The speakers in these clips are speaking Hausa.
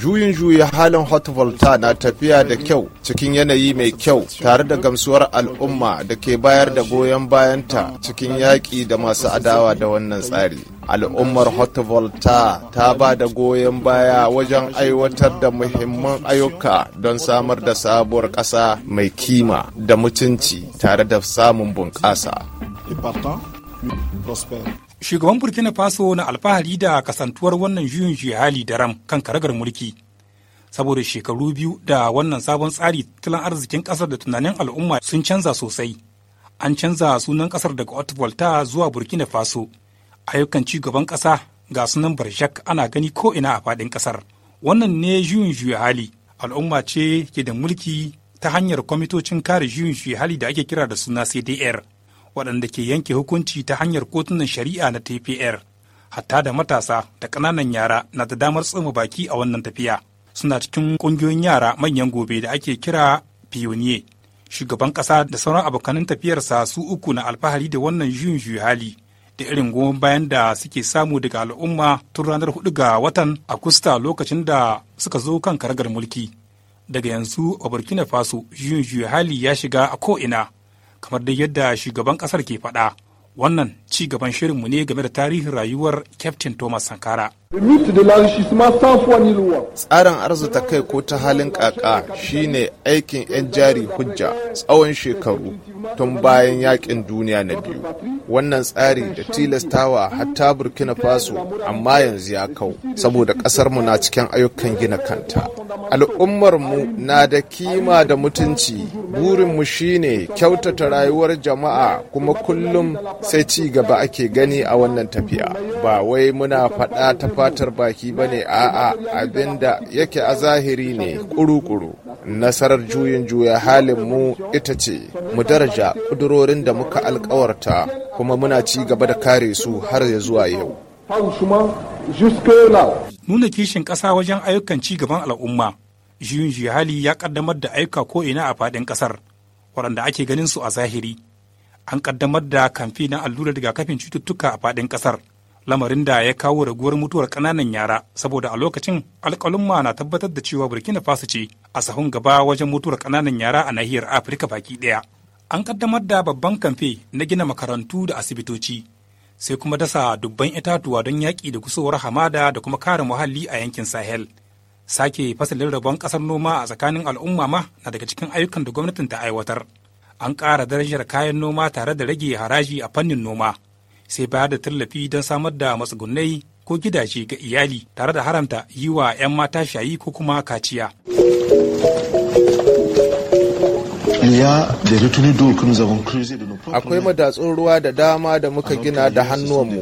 Juyin juya halin hot volta na tafiya da kyau cikin yanayi mai kyau tare da gamsuwar al'umma da ke bayar da goyon bayanta cikin yaƙi da masu adawa da wannan tsari. Al'ummar hot volta ta ba da goyon baya wajen aiwatar da muhimman ayyuka don samar da sabuwar ƙasa mai kima da mutunci tare da samun bunƙasa. shugaban burkina faso na alfahari da kasantuwar wannan juyin hali da ram kan karagar mulki saboda shekaru biyu da wannan sabon tsari tattalin arzikin kasar da tunanin al'umma sun canza sosai an canza sunan kasar daga otvolta zuwa burkina faso ayyukan ci gaban kasa ga sunan barshak ana gani ko ina a faɗin kasar wannan ne juyin juya hali al'umma ce ke da mulki ta hanyar kwamitocin kare juyin juya hali da ake kira da suna cdr waɗanda ke yanke hukunci ta hanyar kotunan shari'a na tpr hatta da matasa da ƙananan yara na da damar tsoma baki a wannan tafiya suna cikin ƙungiyoyin yara manyan gobe da ake kira pioneer shugaban ƙasa da sauran abokanin tafiyarsa su uku na alfahari da wannan juyin hali da irin goma bayan da suke samu daga al'umma tun ranar hudu ga watan agusta lokacin da suka zo kan karagar mulki daga yanzu a burkina faso juyin hali ya shiga a ko'ina kamar dai yadda shugaban kasar ke faɗa wannan ci gaban shirinmu ne game da tarihin rayuwar kyaftin thomas sankara Tsarin arzuta kai ko ta halin ƙaƙa shine aikin 'yan jari hujja tsawon shekaru tun bayan yakin duniya na biyu. Wannan tsari da tilastawa hatta Burkina Faso amma yanzu ya kau saboda ƙasarmu na cikin ayyukan gina kanta. Al'ummarmu na da kima da mutunci, burinmu shine kyautata rayuwar jama'a kuma kullum sai ci gaba ake gani a wannan tafiya. Ba wai muna faɗa ta fatar baki ba ne a'a abinda yake a zahiri ne kuru-kuru nasarar juyin juya halin mu ita ce mu daraja kudurorin da muka alkawarta kuma muna ci gaba da kare su har ya zuwa yau nuna kishin ƙasa wajen ayyukan ci gaban al'umma juyin juya hali ya ƙaddamar da ayyuka ko ina a faɗin ƙasar waɗanda ake ganin su a zahiri an ƙaddamar da kamfe na allurar rigakafin cututtuka a faɗin ƙasar lamarin da ya kawo raguwar mutuwar kananan yara saboda a lokacin alƙalumma na tabbatar da cewa burkina faso ce a sahun gaba wajen mutuwar kananan yara a nahiyar afirka baki ɗaya an ƙaddamar da babban kamfe na gina makarantu da asibitoci sai kuma dasa dubban itatuwa don yaƙi da kusurwar hamada da kuma kare muhalli a yankin sahel sake fasalin rabon ƙasar noma a tsakanin al'umma ma na daga cikin ayyukan da gwamnatin ta aiwatar an ƙara darajar kayan noma tare da rage haraji a fannin noma sai bayar da tallafi don samar da matsugunai ko gidaje ga iyali tare da haramta yi wa 'yan mata shayi ko kuma kaciya. Akwai madatsun ruwa da dama da muka gina da hannuwanmu,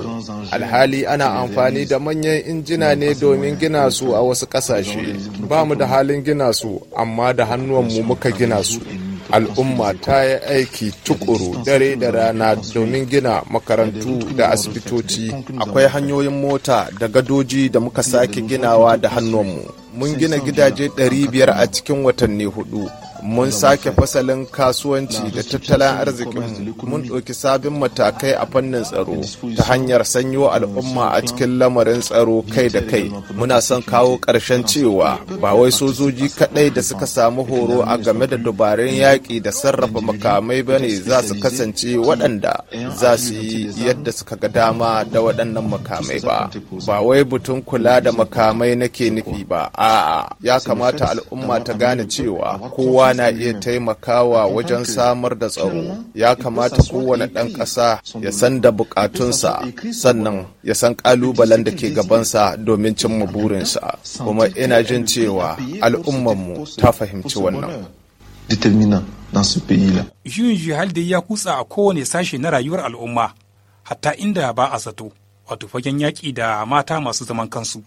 alhali ana amfani da manyan injina ne domin gina su a wasu ƙasashe. Ba mu da halin gina su, amma da hannuwanmu muka gina su. al'umma ta yi aiki tukuru dare da rana domin gina makarantu da asibitoci akwai hanyoyin mota da gadoji da muka sake ginawa da hannunmu mun gina gidaje 500 a cikin watanni hudu mun sake fasalin kasuwanci da tattalin arzikin mun ɗauki sabin matakai a fannin tsaro ta hanyar sanyo al'umma a cikin lamarin tsaro kai da kai muna son kawo ƙarshen ah, cewa ba wai sojoji kaɗai da suka samu horo a game da dubarun yaƙi da sarrafa makamai ba ne za su kasance waɗanda za su yi yadda suka ga dama da waɗannan makamai ba ba wai butun kula da makamai nake nufi ba a'a ya kamata al'umma ta gane cewa kowa na iya taimakawa wajen samar da tsaro ya kamata kowane ɗan ƙasa ya san da bukatunsa sannan ya san ƙalubalen da ke gabansa domin cimma burinsa kuma ina jin cewa al'ummarmu ta fahimci wannan determinant dans dai ya kutsa a kowane sashe na rayuwar al'umma, hatta inda ba a zato, wato fagen yaƙi da mata masu zaman kansu.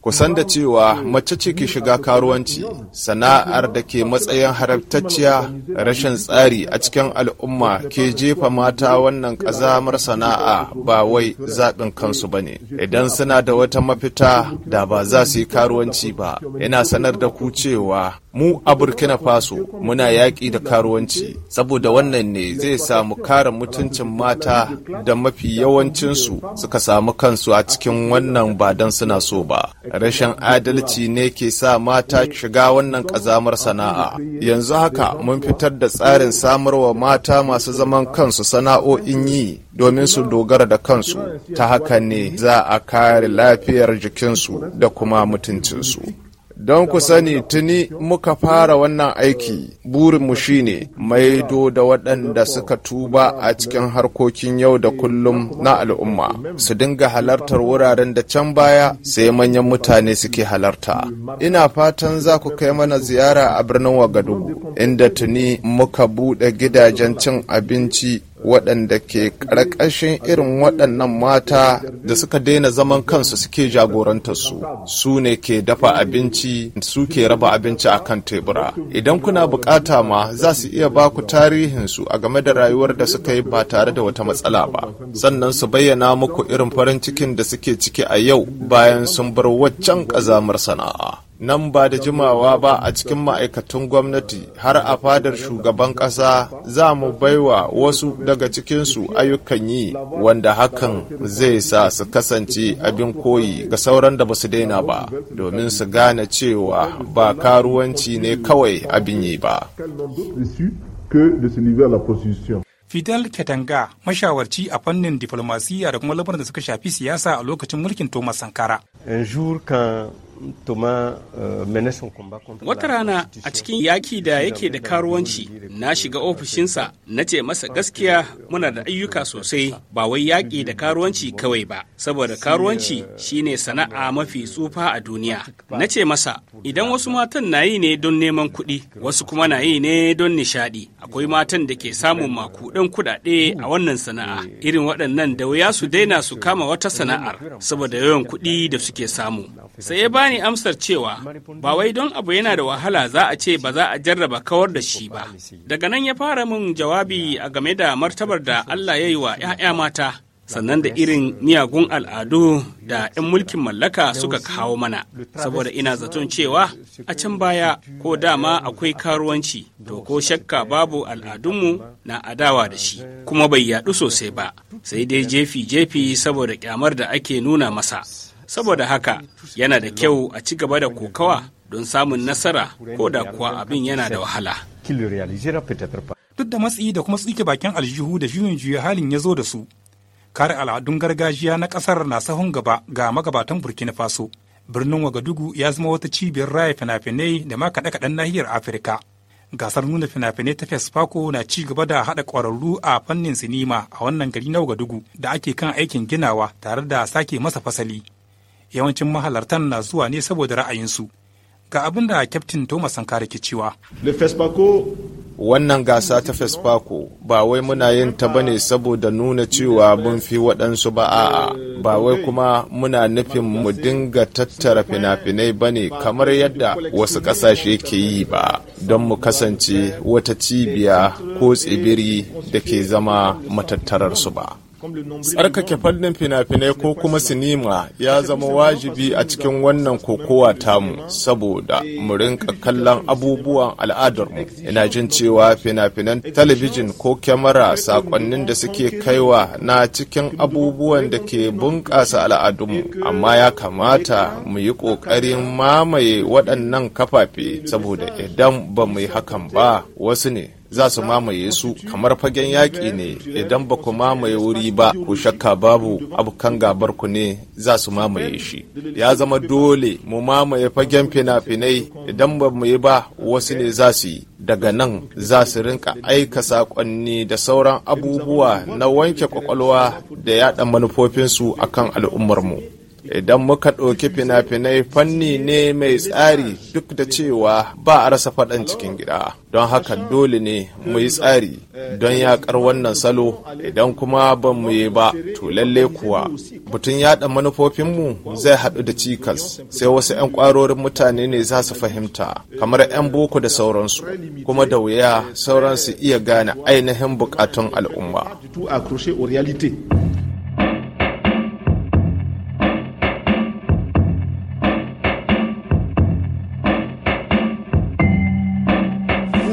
Kusan da cewa mace ce ke shiga karuwanci sana'ar da ke matsayin haramtacciya rashin tsari a cikin al'umma ke jefa mata wannan ƙazamar sana'a ba wai zaɓin kansu ba ne. Idan suna da wata mafita da ba za su yi karuwanci ba, yana sanar da ku cewa Mu a Burkina Faso muna yaƙi da karuwanci, saboda wannan ne zai samu kare mutuncin mata da mafi yawancinsu suka samu kansu a cikin wannan ba don suna so ba. Rashin adalci ne ke sa mata shiga wannan ƙazamar sana'a. Yanzu haka mun fitar da tsarin samarwa mata masu zaman kansu sana'o'in yi domin su dogara da kansu, ta haka ne za a kare lafiyar jikinsu da kuma mutuncinsu. Don ku sani tuni muka fara wannan aiki, burinmu shi ne maido da waɗanda suka tuba a cikin harkokin yau da eh, kullum na al'umma, su dinga halartar wuraren da can baya sai manyan mutane suke halarta. Ina fatan za ku kai mana ziyara a birnin Wagadugu, inda tuni muka buɗe gidajen cin abinci waɗanda ke ƙarƙashin irin waɗannan mata da suka daina zaman kansu suke jagorantarsu su ne ke dafa abinci su ke raba abinci a kan tebura idan kuna bukata ma za su iya ba ku tarihinsu a game da rayuwar da suka yi ba tare da wata matsala ba sannan su bayyana muku irin farin cikin da suke ciki a yau bayan sun bar waccan ƙazamar sana'a nan ba da jimawa ba a cikin ma'aikatan gwamnati har a fadar shugaban ƙasa za mu baiwa wasu daga cikinsu ayyukan yi wanda hakan zai sa su kasance abin koyi ga sauran da ba su daina ba domin su gane cewa ba karuwanci ne kawai abin yi ba. Fidel ketanga mashawarci a fannin diflomasiyya da kuma lamarin da suka shafi siyasa a lokacin mulkin Thomas Sankara. Eh, wata rana a cikin yaki da yake da karuwanci na shiga ofishinsa na ce masa gaskiya muna da ayyuka sosai ba wai yaƙi da karuwanci kawai ba saboda karuwanci eh, shine sana'a mafi tsufa a duniya. Na ce masa idan wasu matan na yi ne don neman kuɗi wasu kuma na yi ne don nishaɗi akwai matan da ke samun makuɗan kuɗaɗe a wannan sana'a eh. irin waɗannan da wuya su daina su kama wata sana'ar saboda yawan kuɗi da suke samu. Sai ya ni amsar cewa ba wai don abu yana da wahala za a ce ba za a jarraba kawar da shi ba. Daga nan ya fara mun jawabi a game da martabar da Allah ya yi wa 'ya'ya mata. sannan da irin miyagun al'adu da 'yan mulkin mallaka suka kawo mana saboda ina zaton cewa a can baya ko dama akwai karuwanci to ko shakka babu al'adunmu na adawa da shi kuma bai yadu sosai ba sai dai jefi-jefi saboda kyamar da ake nuna masa saboda haka yana da kyau a ci gaba da kokawa don samun nasara ko da kuwa abin yana da wahala duk da matsi da kuma tsike bakin aljihu da juyin juya halin ya zo da su kare al'adun gargajiya na kasar na sahun gaba ga magabatan burkina faso birnin wagadugu ya zama wata cibiyar raya fina-finai da ma kaɗe-kaɗen nahiyar afirka gasar nuna fina-finai ta fesfako na ci gaba da haɗa ƙwararru a fannin sinima a wannan gari na wagadugu da ake kan aikin ginawa tare da sake masa fasali yawancin mahalartan na zuwa ne saboda ra'ayinsu ga abin da kyaftin thomas sankara ke cewa wannan gasa ta fesfako ba wai muna yin ta bane saboda nuna cewa mun fi waɗansu ba a'a ba wai kuma muna nufin mu dinga tattara fina-finai bane kamar yadda wasu ƙasashe ke yi ba don mu kasance wata cibiya ko tsibiri da ke zama matattararsu ba Tsarkake fannin fina-finai ko kuma sinima ya zama wajibi a cikin wannan kokowa tamu saboda mu rinka kallon abubuwan al'adarmu. Ina jin cewa fina-finan talabijin ko kyamara sakonnin da suke kaiwa na cikin abubuwan da ke bunƙasa al'adunmu, amma ya kamata mu yi ƙoƙarin mamaye waɗannan kafafe saboda idan ba mu yi hakan ba wasu ne za su mamaye su kamar fagen yaƙi ne idan ba ku mamaye wuri ba ku shakka babu abokan gabar ku ne za su mamaye shi ya zama dole mu mamaye fagen fina-finai idan ba mu yi ba wasu ne za su yi daga nan za su rinka aika saƙonni da sauran abubuwa na wanke kwakwalwa da yaɗa manufofinsu akan al'ummarmu Idan muka ɗauki fina-finai fanni ne mai tsari duk da cewa ba a rasa faɗan cikin gida. Don haka dole ne mu yi tsari don yaƙar wannan salo idan kuma ba mu yi ba to lalle kuwa. Butun yaɗa manufofinmu zai haɗu da cikas sai wasu 'yan ƙwarorin mutane ne za su fahimta kamar 'yan boko da sauransu kuma da wuya sauransu iya gane ainihin buƙatun al'umma.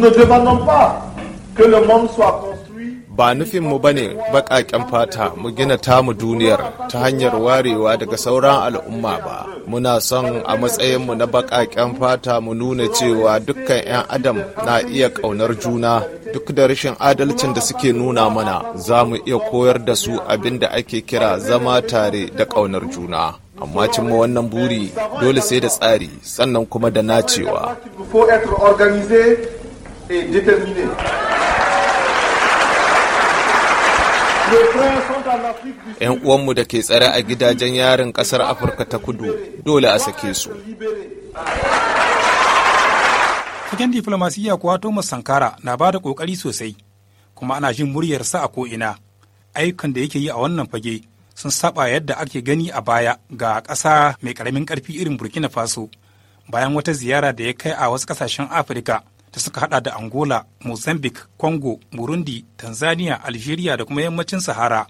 ne demandons pas que le monde soit construit ba nufinmu ba ne baƙaƙen fata mu gina tamu duniyar ta hanyar warewa daga sauran al'umma ba muna son a matsayinmu na baƙaƙen fata mu nuna cewa dukkan 'yan adam na iya ƙaunar juna duk da rashin adalcin da suke nuna mana za mu iya koyar da su abin da ake kira zama tare da ƙaunar juna amma cimma wannan buri dole sai da tsari sannan kuma da nacewa et déterminé. ‘Yan uwanmu da ke tsare a gidajen yarin ƙasar Afirka ta kudu dole a sake su. cikin diflomasiyya kuwa Thomas Sankara na ba da ƙoƙari sosai, kuma ana jin muryarsa a ko'ina. Ayyukan da yake yi a wannan fage sun saba yadda ake gani a baya ga ƙasa mai ƙaramin ƙarfi irin Burkina Faso, bayan wata ziyara da ya kai a wasu ƙasashen Afirka. da suka hada da angola mozambique congo burundi tanzania algeria da kuma yammacin sahara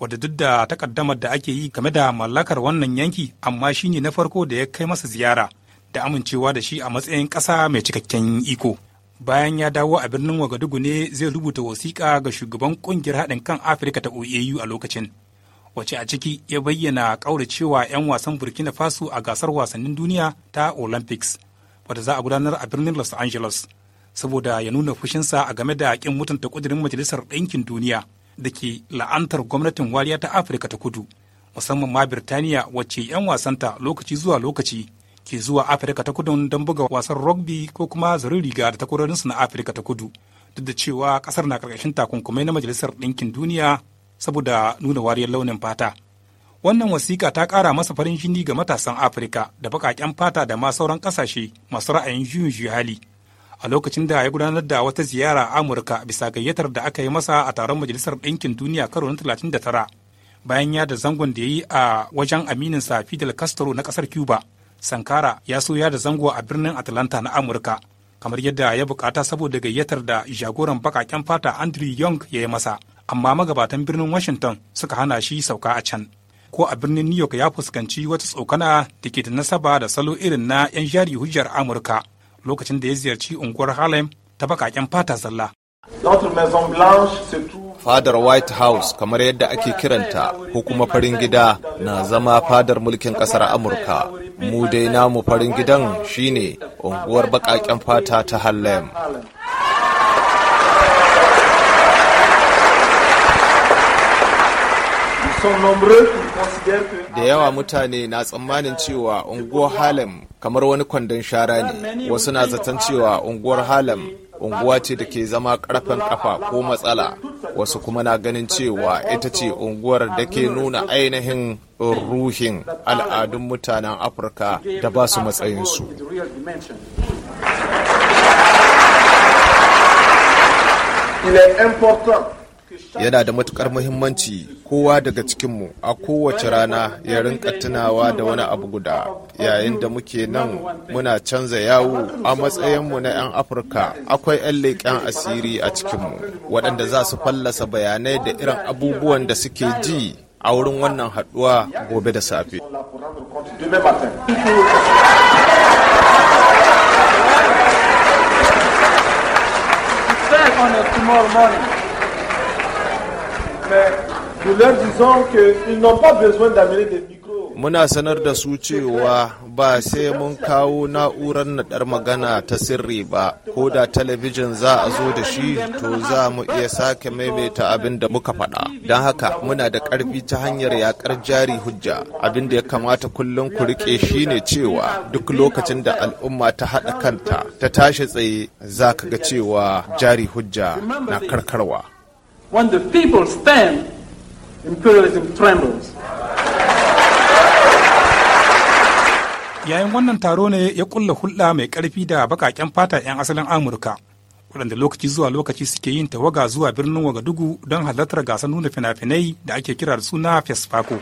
wadda duk da takaddamar da ake yi game da mallakar wannan yanki amma shine na farko da ya kai masa ziyara da amincewa da shi a matsayin ƙasa mai cikakken iko bayan ya dawo a birnin wagadugu ne zai rubuta wasiƙa ga shugaban ƙungiyar haɗin kan afirka ta oau a lokacin wace a ciki ya bayyana ƙauracewa 'yan wasan burkina faso a gasar wasannin duniya ta olympics wadda za a gudanar a birnin los angeles saboda ya nuna fushinsa a game da yaƙin mutunta kudirin majalisar ɗinkin duniya da ke la'antar gwamnatin wariya ta afirka ta kudu musamman ma birtaniya wacce 'yan wasanta lokaci zuwa lokaci ke zuwa afirka ta kudu don buga wasan rugby ko kuma zarin riga da takwarorinsu na afirka ta kudu duk da cewa kasar na karkashin takunkumai na majalisar ɗinkin duniya saboda nuna wariyar launin fata wannan wasiƙa ta ƙara masa farin jini ga matasan afirka da baƙaƙen fata da ma sauran ƙasashe masu ra'ayin juyin hali a lokacin da ya gudanar da wata ziyara a Amurka bisa gayyatar da aka yi masa a taron Majalisar Ɗinkin Duniya karo na 39 bayan ya da zangon da ya yi a wajen amininsa Fidel Castro na ƙasar Cuba. Sankara ya so ya da zango a birnin Atlanta na Amurka kamar yadda ya bukata saboda gayyatar da jagoran bakaƙen fata Andrew Young ya yi masa amma magabatan birnin Washington suka hana shi sauka a can. ko a birnin New York ya fuskanci wata tsokana da ke da nasaba da salo irin na 'yan jari hujjar Amurka lokacin da ya ziyarci unguwar Harlem ta bakaken fata zalla. Fadar White House kamar yadda ake kiranta ko kuma farin gida na zama fadar mulkin kasar Amurka. Mu dai namu farin gidan shine unguwar bakaken fata ta Harlem. Da yawa mutane na tsammanin cewa unguwar Harlem kamar wani kwandon shara ne wasu na zaton cewa unguwar halam unguwa ce da ke zama karfen kafa ko matsala wasu kuma na ganin cewa ita ce unguwar da ke nuna ainihin ruhin al'adun mutanen afirka da ba su matsayinsu Il est important yana da matukar muhimmanci kowa daga cikinmu a kowace rana ya rinka tunawa da wani abu guda yayin da muke nan muna canza yawo a matsayinmu na 'yan afirka akwai 'yan leƙen asiri a cikinmu waɗanda za su fallasa bayanai da irin abubuwan da suke ji a wurin wannan haɗuwa gobe da safe on morning. Muna sanar da su cewa ba sai mun kawo na'urar naɗar magana ta sirri ba, ko da talabijin za a zo da shi to za mu iya sake maimaita abin da muka faɗa. Don haka muna da ƙarfi ta hanyar yaƙar jari hujja. Abin da ya kamata kullum ku riƙe shi ne cewa duk lokacin da al'umma ta haɗa kanta ta tashi tsaye za ka ga cewa jari hujja na karkarwa. When the people stand, imperialism trembles. Yayin wannan taro ne ya kulla hulɗa mai ƙarfi da baƙaƙen fata 'yan asalin Amurka, waɗanda lokaci zuwa lokaci suke yin tawaga zuwa birnin Wagadugu don halartar gasar nuna fina-finai da ake kira da suna Fesfako.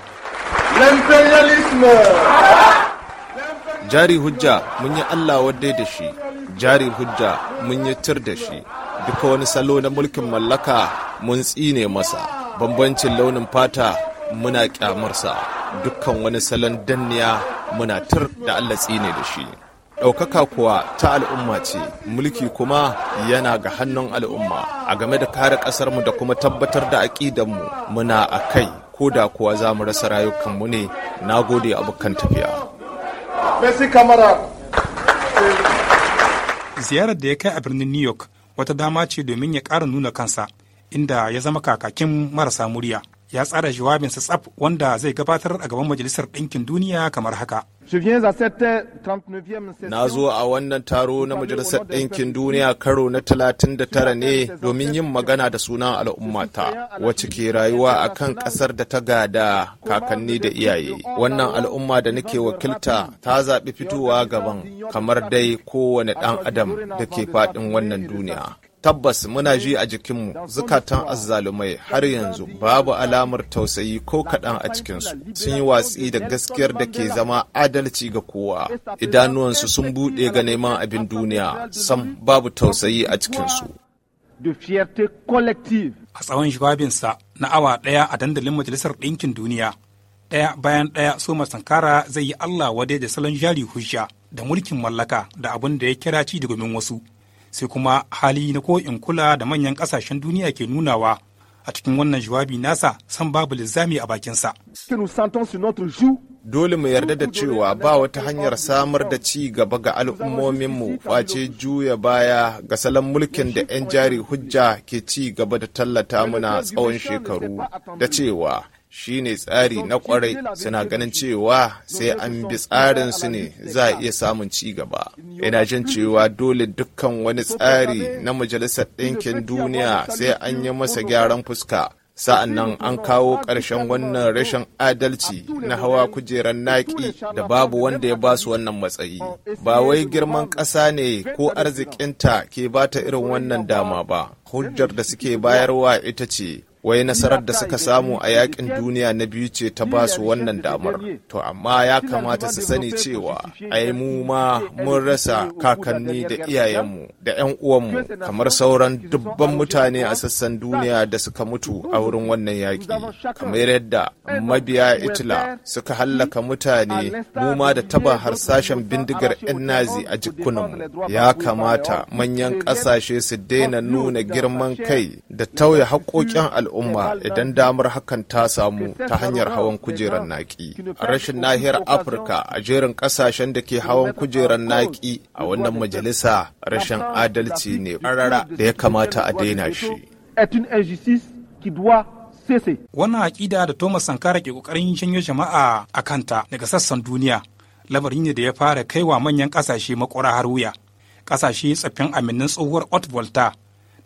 Jari hujja mun yi Allah wadda da shi, jari hujja mun yi tir da shi. duka wani salo na mulkin mallaka mun tsine masa bambancin launin fata muna kyamarsa dukkan wani salon danniya muna tur da allah tsine da shi ɗaukaka kuwa ta al'umma ce mulki kuma yana ga hannun al'umma a game da kare ƙasarmu da kuma tabbatar da aƙidanmu muna a kai ko da kuwa za mu rasa rayukanmu ne na gode abokan tafiya ziyarar da ya kai a birnin new york wata dama ce domin ya ƙara nuna kansa inda ya zama kakakin marasa murya ya tsara jawabinsa tsaf wanda zai gabatar a gaban Majalisar Ɗinkin Duniya kamar haka. Euh, na zo a wannan taro na Majalisar Ɗinkin Duniya karo na 39 ne domin yin magana da sunan al'ummata wacce ke rayuwa a kan ƙasar da ta gada kakanni da iyaye. Wannan al'umma da nake wakilta ta zaɓi fitowa gaban kamar dai kowane ɗan adam da ke faɗin wannan duniya. tabbas muna ji a jikinmu zukatan azzalumai har yanzu babu alamar tausayi ko kaɗan a cikinsu sun yi watsi da gaskiyar da ke zama adalci ga kowa idanuwansu sun buɗe ga neman abin duniya sam babu tausayi a cikinsu a tsawon jawabinsa na awa ɗaya a dandalin majalisar ɗinkin duniya ɗaya bayan ɗaya soma sankara zai yi allah wadai da salon jari hujja da mulkin mallaka da abin da ya kira ci da wasu sai kuma hali na ko in kula da manyan kasashen duniya ke nunawa a cikin wannan jawabi nasa san babu lizami a bakinsa. Dole mu yarda da cewa ba wata hanyar samar da ci gaba ga al'ummominmu face juya baya ga salon mulkin da 'yan jari hujja ke ci gaba da tallata muna tsawon shekaru da cewa shi ne tsari na kwarai suna ganin cewa sai an bi tsarin su ne za a iya samun ci gaba ina jin cewa dole dukkan wani tsari na majalisar ɗinkin duniya sai an yi masa gyaran fuska sa'an nan an kawo ƙarshen wannan rashin adalci na hawa kujerar naƙi da babu wanda ya ba su wannan matsayi ba wai girman ƙasa ne ko arzikinta ke ba ta irin wannan dama ba hujjar da suke bayarwa ita ce wai nasarar da suka samu a yakin duniya na biyu ce ta ba su wannan damar to amma ya kamata su sani cewa ai mu ma mun rasa kakanni da iyayenmu da 'yan uwanmu kamar sauran dubban mutane a sassan duniya da suka mutu a wurin wannan yaƙi kamar yadda mabiya itila suka hallaka mutane mu ma da taba harsashen bindigar 'yan nazi a jikunanmu ya kamata manyan ƙasashe su daina nuna girman kai da tauye haƙoƙin al'umma al'umma idan damar hakan ta samu ta hanyar hawan kujerar naki. Rashin nahiyar Afirka a jerin ƙasashen da ke hawan kujerar naki a wannan majalisa rashin adalci ne ƙarara da ya kamata a daina shi. Wannan aƙida da Thomas Sankara ke ƙoƙarin janyo jama'a a kanta daga sassan duniya, lamarin ne da ya fara kai wa manyan ƙasashe makwara har wuya. Ƙasashe tsaffin aminnin tsohuwar Otvolta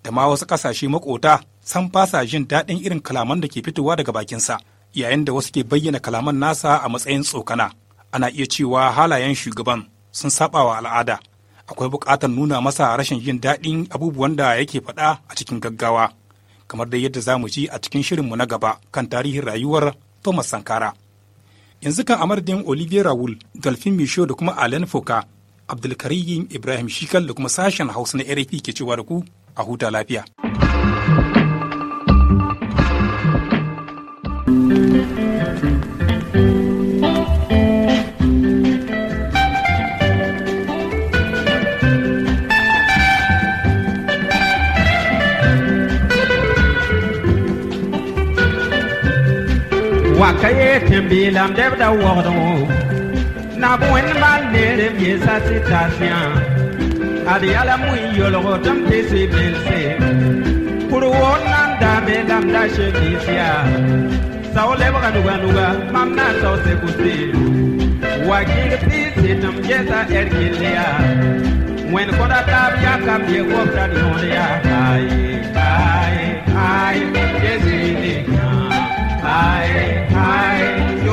da ma wasu ƙasashe makota san fasa jin daɗin irin kalaman da ke fitowa daga bakinsa yayin da wasu ke bayyana kalaman nasa a matsayin tsokana ana iya cewa halayen shugaban sun saba wa al'ada akwai buƙatar nuna masa rashin jin daɗin abubuwan da yake faɗa a cikin gaggawa kamar da yadda za mu ji a cikin shirin mu na gaba kan tarihin rayuwar Thomas Sankara. Yanzu kan amardin Olivier raul Dolphin Michaud da kuma Alain Foka, Abdulkarim Ibrahim Shikal da kuma sashen Hausa na RFI ke cewa da ku a huta lafiya. te be lam deb da wogdo na buen mal nere bi sa citation ad yala mu lo tam te se bense pour wonan da be lam da she bisia sa ole ba nuga nuga mam na sa se gusti wa kir pi se tam jeta erkilia when koda tab ya kam ye ko ta no ya ai ai ai yesi high, you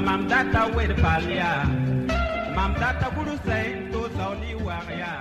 Mam data wed palia, mam data kuru say, to sauli waria.